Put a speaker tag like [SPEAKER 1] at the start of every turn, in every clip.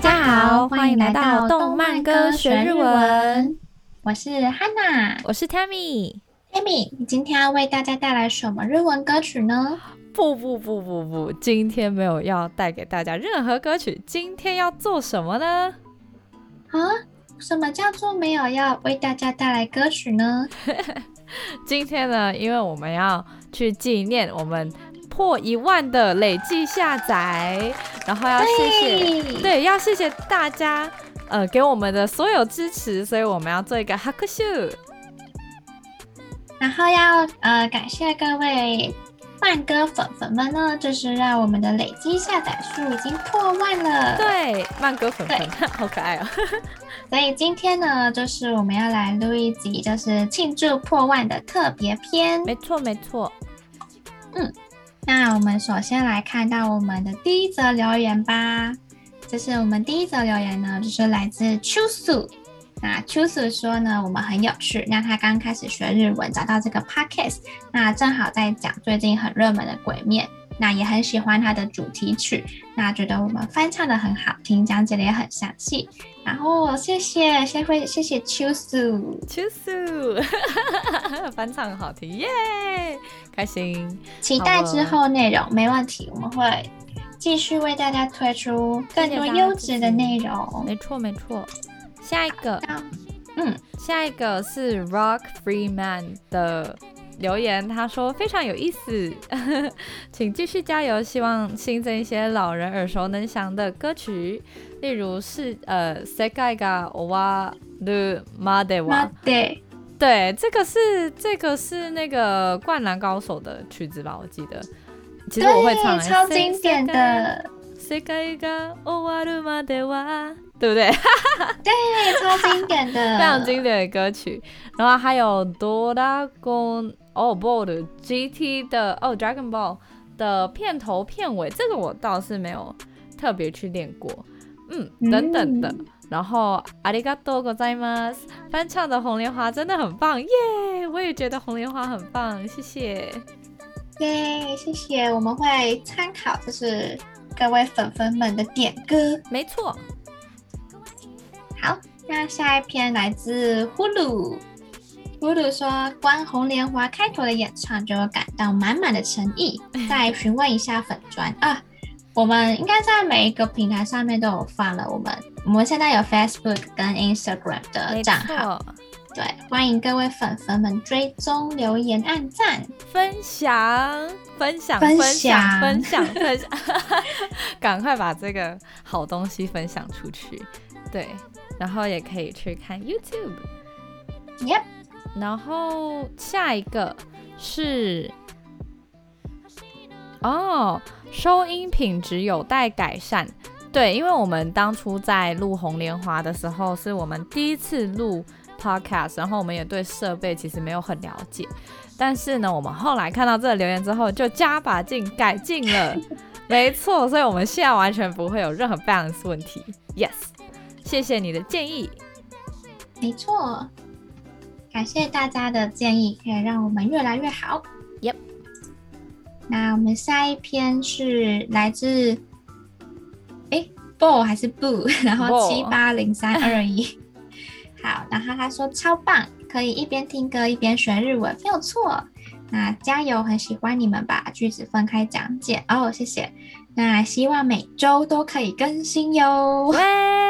[SPEAKER 1] 大家好，歡迎來到動漫歌學日文。我是 Hana，我是 Tammy。Tammy，你今天要為大家帶來什麼日文歌曲呢？不不不不不，今天沒有
[SPEAKER 2] 要帶給大家任何歌曲。今天要做什麼呢？啊？
[SPEAKER 1] 什麼叫做沒有要為大家帶來歌曲呢？
[SPEAKER 2] 今天呢，因為我們要去紀念我們。破一萬的累計下載，然後要謝謝，對，對，要謝謝大家，呃，給我們的所有支持，所以我們要做一個哈克秀。
[SPEAKER 1] 然後要呃感謝各位漫歌粉粉們呢，就是讓我們的累計下載數已經破萬了。對，漫歌粉粉，對好可愛哦、喔。 所以今天呢，就是我們要來錄一集，就是慶祝破萬的特別篇。沒錯，沒錯。嗯。那我們首先來看到我們的第一則留言吧。這是我們第一則留言呢，就是來自 Chu Su。那 Chu Su 說呢，我們很有趣。那他剛開始學日文，找到這個 Podcast，那正好在講最近很熱門的《鬼滅》。那也很喜歡它的主題曲，那覺得我們翻唱的很好聽，講解的也很詳細，然後謝謝，先會，謝謝秋素，秋素，
[SPEAKER 2] 翻唱好聽耶，yeah!
[SPEAKER 1] 開心，期待之後內容，了沒問題，我們會繼續為大家推出更多優質的內容。謝謝沒錯沒錯，下
[SPEAKER 2] 一個，嗯，下一個是 Rock Freeman 的。留言，他說非常有意思，呵呵，請繼續加油。希望新增一些老人耳熟能詳的歌曲，例如是呃世界が終わるまでは對，這個是這個是那個灌籃高手的曲子吧？我記得，其實我會唱，對欸、超經典的。對不對？哈哈哈，對，超經典的， 非常經典的歌曲。然後還有 Dragon、哦，Ball 的 GT 的哦、oh,，Dragon Ball 的片頭片尾，這個我倒是沒有特別去練過。嗯，等等的。嗯、然後ありがとうございます翻唱的紅蓮花真的很棒，耶、yeah!！我也覺得紅蓮花很棒，
[SPEAKER 1] 謝謝，耶，yeah, 謝謝。我們會參考，就是。各位粉粉們的點歌，沒錯錯。好，那下一篇來自呼嚕，呼嚕說《觀紅蓮華》開頭的演唱就會感到滿滿的誠意。 再詢問一下粉專啊，我們應該在每一個平台上面都有 follow 我們，我們現在有 Facebook 跟 Instagram 的賬號。對，歡迎各位粉粉們追蹤、留言、按贊、分享、分享、分享、分享，分享。
[SPEAKER 2] 趕 快把這個好東西分享出去。對，然後也可以去看 YouTube。Yep。然後下一個是，哦，收音品質有待改善。對，因為我們當初在錄《紅蓮華》的時候，是我們第一次錄。Podcast，然後我們也對設備其實沒有很了解，但是呢，我們後來看到這個留言之後，就加把勁改進了， 沒錯，所以我們現在完全不會有任何 balance 問題。Yes，謝謝你的建議，
[SPEAKER 1] 沒錯，感謝大家的建議，可以讓我們越來越好。Yep，那我們下一篇是來自，哎 Bo Bo 還是 Boo, Bo 然後七八零三二一。Bo 好，然後他說超棒，可以一邊聽歌一邊學日文，沒有錯。那加油，很喜歡你們把句子分開講解哦，oh，謝謝。那希望每周都可以更新喲。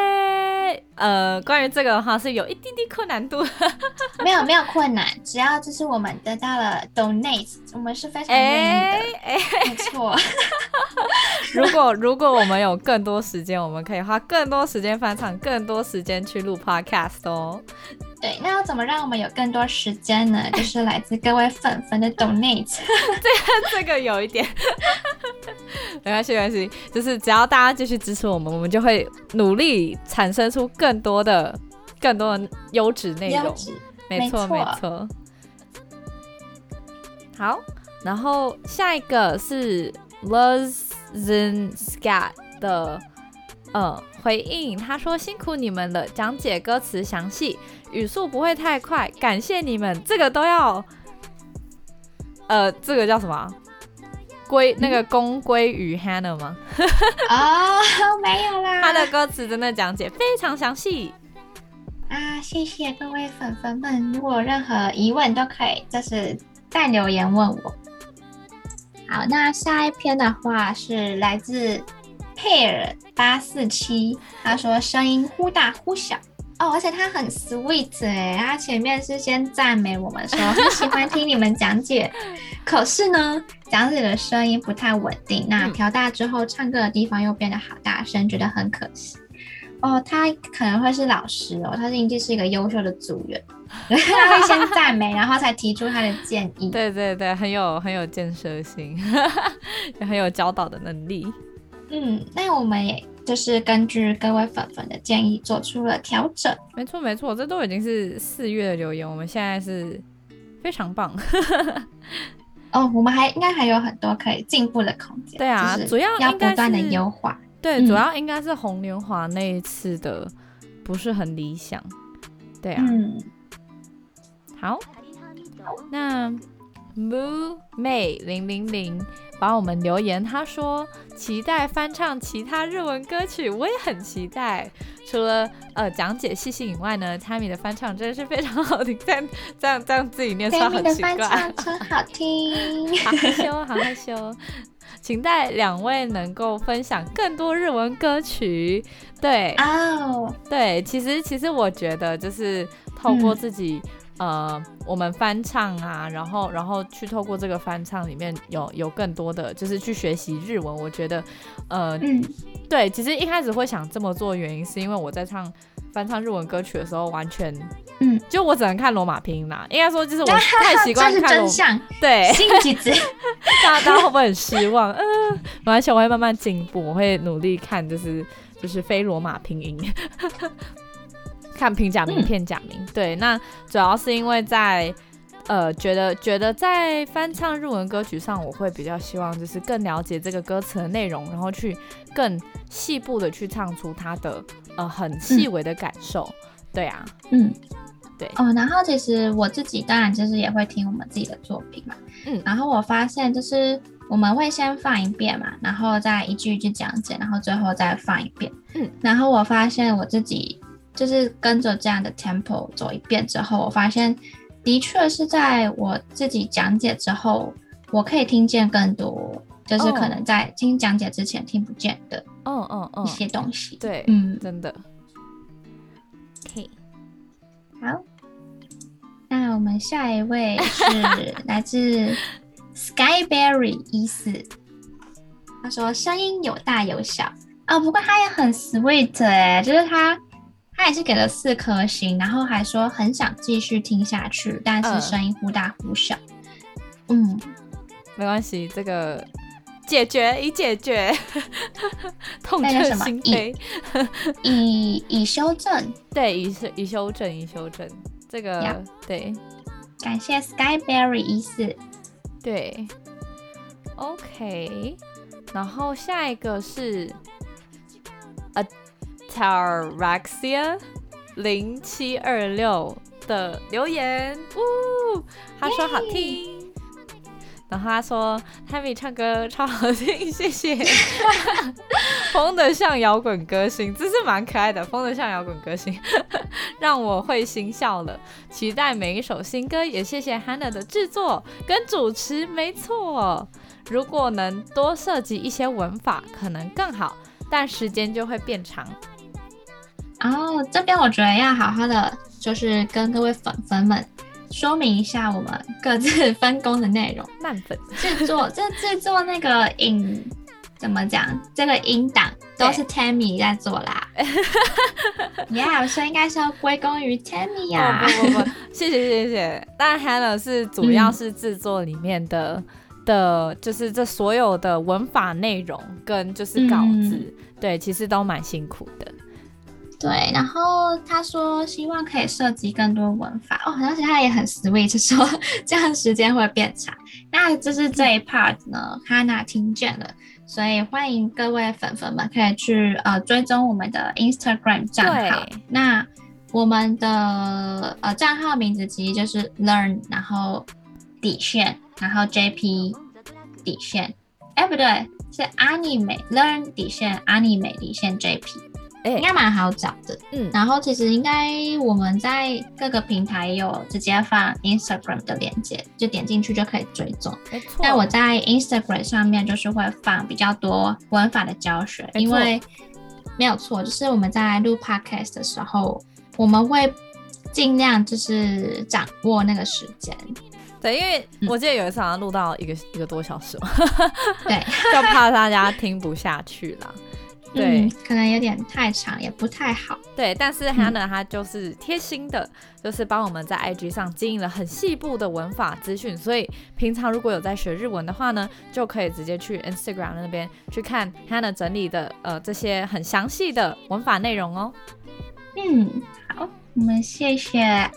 [SPEAKER 1] 呃，關於這個的話是有一滴滴困難度， 沒有沒有困難，只要就是我們得到了 donate，我們是非常願意的，哎哎哎，沒錯。如果
[SPEAKER 2] 如果我們有更多時間，我們可以花更多時間翻唱，更多時間去錄 podcast
[SPEAKER 1] 哦。對，那要怎麼讓我們有更多時間呢？就是來自各位粉粉的 donate，這 這個有一點 沒，沒關係沒關係，
[SPEAKER 2] 就是只要大家繼續支持我們，我們就會努力產生出更多的、更多的優質內容，沒錯沒錯。好，然後下一個是 l o s e n s k a 的。呃，回應他說，辛苦你們了，講解歌詞詳細，語速不會太快，感謝你們，這個都要，呃，這個叫什麼、啊？歸、嗯、那個功歸於 Hana 嗎？哦， 沒有啦，他的歌詞真的講解非常詳細
[SPEAKER 1] 啊、呃！謝謝各位粉粉們，如果任何疑問都可以，就是再留言問我。好，那下一篇的話是來自。Pair 八四七，47, 他說聲音忽大忽小哦，而且他很 sweet 哎、欸，他前面是先讚美我們，說很喜歡聽你們講解， 可是呢，講解的聲音不太穩定。那調大之後，唱歌的地方又變得好大聲，嗯、覺得很可惜哦。他可能會是老師哦，他一定是一個優秀的組員， 他會先讚美，然後才提出他的建議。對
[SPEAKER 2] 對對，很有很有建設性， 也很有教導的能力。
[SPEAKER 1] 嗯，那我們也就是根據各位粉粉的建議做出了調整。沒錯，
[SPEAKER 2] 沒錯，這都已經是四月的留言，我們現在是非常棒。
[SPEAKER 1] 哦，我們還應該還有很多可以進步的空間。對啊，主要要不斷的優化。
[SPEAKER 2] 對，嗯、主要應該是紅蓮華那一次的不是很理想。對啊。嗯、好，好那 Moo May 零零零。好幫我們留言，他說期待翻唱其他日文歌曲，我也很期待。除了呃講解細細以外呢，Tammy 的翻唱真的是非常好聽。這樣這樣自己念出來好奇怪。Tammy 的
[SPEAKER 1] 翻唱超好聽，害羞 好害羞。
[SPEAKER 2] 期待 兩位能夠分享更多日文歌曲。對哦，oh. 對，其實其實我覺得就是透過自己、嗯。呃，我們翻唱啊，然後，然後去透過這個翻唱裡面有有更多的，就是去學習日文。我覺得，呃，嗯、對，其實一開始會想這麼做的原因是因為我在唱翻唱日文歌曲的時候，完全，嗯，就我只能看羅馬拼音啦。應該說，就是我太習慣看羅馬，對，大家會不會很失望？嗯、 呃，完全我會慢慢進步，我會努力看，就是就是非羅馬拼音。 看平假名片假名，嗯、對，那主要是因為在呃，覺得覺得在翻唱日文歌曲上，我會比較希望就是更了解這個歌詞的內容，然後去更細部的去唱出它的呃，很細微的感受。嗯、對啊，
[SPEAKER 1] 嗯，對哦。然後其實我自己當然就是也會聽我們自己的作品嘛，嗯。然後我發現就是我們會先放一遍嘛，然後再一句一句講解，然後最後再放一遍，嗯。然後我發現我自己。就是跟着這樣的 tempo 走一遍之後，我發現的確是在我自己講解之後，我可以聽見更多，就是可能在聽講解之前聽不見的，哦哦哦，一些東西。對，嗯，真的。OK，好，那我們下一位是來自 Skyberry 伊斯，他說聲音有大有小啊、哦，不過他也很 sweet 哎、欸，就是他。他也是給了四顆星，然後還說很想繼續聽下去，但是聲音忽大忽小。呃、嗯，
[SPEAKER 2] 沒關係，這個解決已解決，痛徹心扉，已已 修正。對，已修修正，已修正。這個 Yeah. 對，感謝 Skyberry 一四。對，OK，然後下一個是。Taraxia 零七二六的留言，嗚，他說好聽，Yay! 然後他說 Hana 唱歌超好聽，謝謝， 瘋得像搖滾歌星，真是蠻可愛的，瘋得像搖滾歌星， 讓我會心笑了，期待每一首新歌，也謝謝 Hana 的制作跟主持，沒錯、哦，如果能多涉及一些文法，可能更好，但時間就會變長。
[SPEAKER 1] 然後這邊我覺得要好好的，就是跟各位粉粉們說明一下我們各自分工的內容。慢粉製作， 這製作那個影，怎麼講？這個音檔對都是 Tammy 在做啦。你這樣說應該是要歸功
[SPEAKER 2] 於 Tammy 啊，哦！不不不，謝謝謝謝。但 Hana 是主要是製作裡面的，嗯、的，就是這所有的文法內容跟就是稿子，嗯、對，其實都蠻辛苦的。
[SPEAKER 1] 對，然後他說希望可以涉及更多文法哦，好像是他也很 sweet，說這樣時間會變長。那這是這一 part 呢，嗯，哈娜聽見了，所以歡迎各位粉粉們可以去呃追蹤我們的 Instagram 賬號，對那我們的呃賬號名字其實就是 learn，然後底線，然後 JP 底線，哎不對，是阿尼美 learn 底線，阿尼美底線 JP。欸、應該蠻好找的，嗯，然後其實應該我們在各個平台有直接放 Instagram 的鏈接就點進去就可以追蹤。沒錯錯，但我在 Instagram 上面就是會放比較多文法的教學，錯因為沒有錯，就是我們在錄 podcast 的時候，我們會盡量就是掌握那個時間。對，因為
[SPEAKER 2] 我記得有一次好像錄到一個、嗯、一個多小時 對，就怕大家聽不下去啦。 對、
[SPEAKER 1] 嗯，可能有點太長，也不太好。對，但是 Hana 她就是貼
[SPEAKER 2] 心的，嗯、就是幫我們在 IG 上經營了很細部的文法資訊，所以平常如果有在學日文的話呢，就可以直接去 Instagram 那邊去看 Hana 整理的呃這些很詳細的文法內容哦。嗯，
[SPEAKER 1] 好，我們謝謝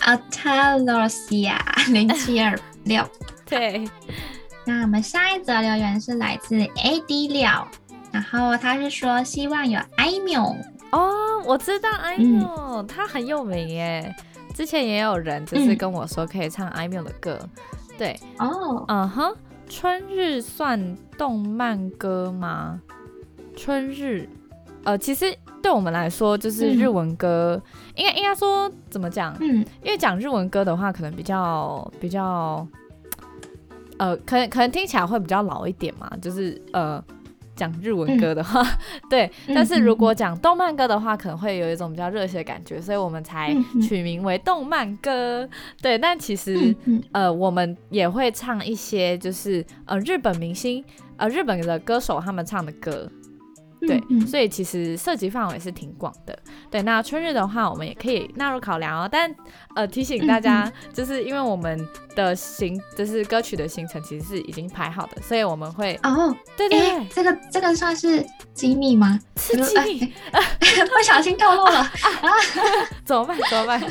[SPEAKER 1] Atalosia 零七二六。 對， 那我們下一則留言是來自 AD l 然後他是說希望有艾米哦，我知道艾米，嗯、他很
[SPEAKER 2] 有名耶。之前也有人就是跟我說可以唱艾米的歌，嗯、對哦，嗯哼、uh-huh, 春日算動漫歌嗎？春日，呃，其實對我們來說就是日文歌，嗯、應該應該說怎麼講？嗯，因為講日文歌的話，可能比較比較，呃，可能可能聽起來會比較老一點嘛，就是呃。講日文歌的話，嗯、 對，嗯、哼但是如果講動漫歌的話，可能會有一種比較熱血的感覺，所以我們才取名為動漫歌。嗯、哼對，但其實、嗯、哼呃，我們也會唱一些就是呃日本明星呃日本的歌手他們唱的歌。對，所以其實涉及範圍也是挺廣的。對，那春日的話，我們也可以納入考量哦。但呃，提醒大家，就是因為我們的行，就是歌曲的行程其實是已經排好的，所以我們會哦，
[SPEAKER 1] 對對這個這個算是機密嗎？是機密，不小心掉落了啊！怎麼辦？怎麼辦？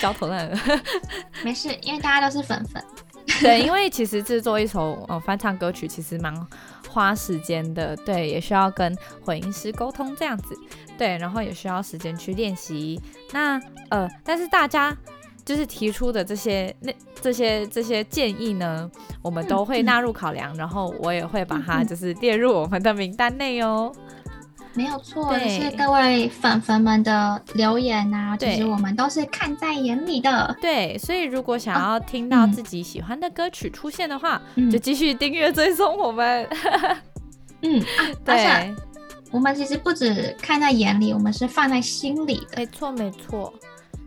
[SPEAKER 1] 焦頭爛額。沒事，因為大家都是粉粉。對，因
[SPEAKER 2] 為其實製作一首呃翻唱歌曲，其實蠻。花時間的，對，也需要跟混音師溝通這樣子，對，然後也需要時間去練習。那呃，但是大家就是提出的這些、那這些這些建議呢，我們都會納入考量，然後我也會把它就是列入我們的名單內哦。
[SPEAKER 1] 沒有錯，謝謝對各位粉粉們的留言吶、啊，對其實我們都是看在眼裡的。
[SPEAKER 2] 對，所以如果想要聽到自己喜歡的歌曲出現的話，哦嗯、就繼續訂閱追蹤我們。 嗯、
[SPEAKER 1] 啊、對，啊、我們其實不止看在眼裡，我們是放在心裡的。沒錯，沒錯。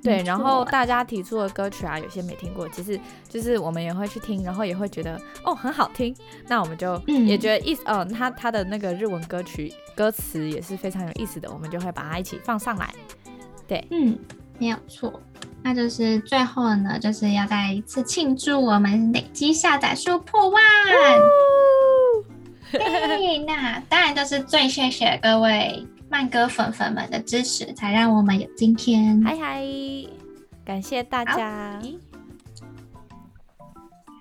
[SPEAKER 1] 對，然後
[SPEAKER 2] 大家提出的歌曲啊，有些沒聽過，其實就是我們也會去聽，然後也會覺得哦，很好聽，那我們就也覺得意思，嗯，他、呃、他的那個日文歌曲歌詞也是非常有意思的，我們就會把它一起放上來。對，嗯，
[SPEAKER 1] 沒有錯。那就是最後呢，就是要再一次慶祝我們累積下載數破萬。嘿、嗯、對、那當然就是最謝謝各位漫歌粉粉們的支持，才讓我們有今天。嗨嗨，感謝大家。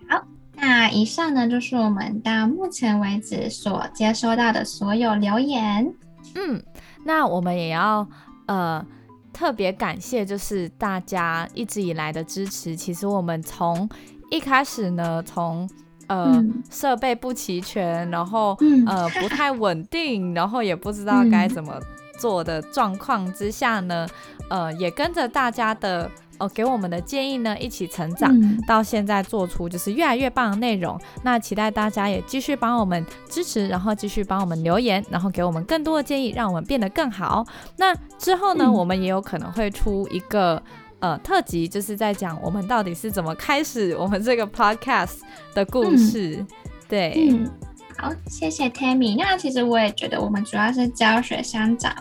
[SPEAKER 1] 好。好，那以上呢，就是我們到目前為止所接收到的所有留言。嗯，那我們也要呃特別感謝，就
[SPEAKER 2] 是大家一直以來的支持。其實我們從一開始呢，從呃，設備不齊全，然後呃不太穩定，然後也不知道該怎麼做的狀況之下呢，呃，也跟着大家的呃給我們的建議呢一起成長，嗯、到現在做出就是越來越棒的內容。那期待大家也繼續幫我們支持，然後繼續幫我們留言，然後給我們更多的建議，讓我們變得更好。那之後呢，嗯、我們也有可能會出一個。呃，特輯就是在講我們到底是怎麼開始我們這個 podcast 的故事。嗯、對，嗯，
[SPEAKER 1] 好，謝謝 Tammy。那其實我也覺得我們主要是教學相長，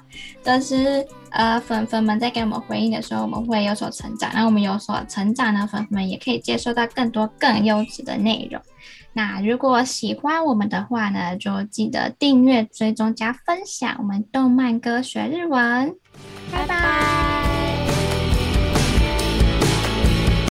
[SPEAKER 1] 但是呃，粉粉們在給我們回應的時候，我們會有所成長。那我們有所成長呢，粉粉，粉們也可以接收到更多更優質的內容。那如果喜歡我們的話呢，就記得訂閱、追蹤、加分享。我們動漫歌學日文，拜拜。拜拜。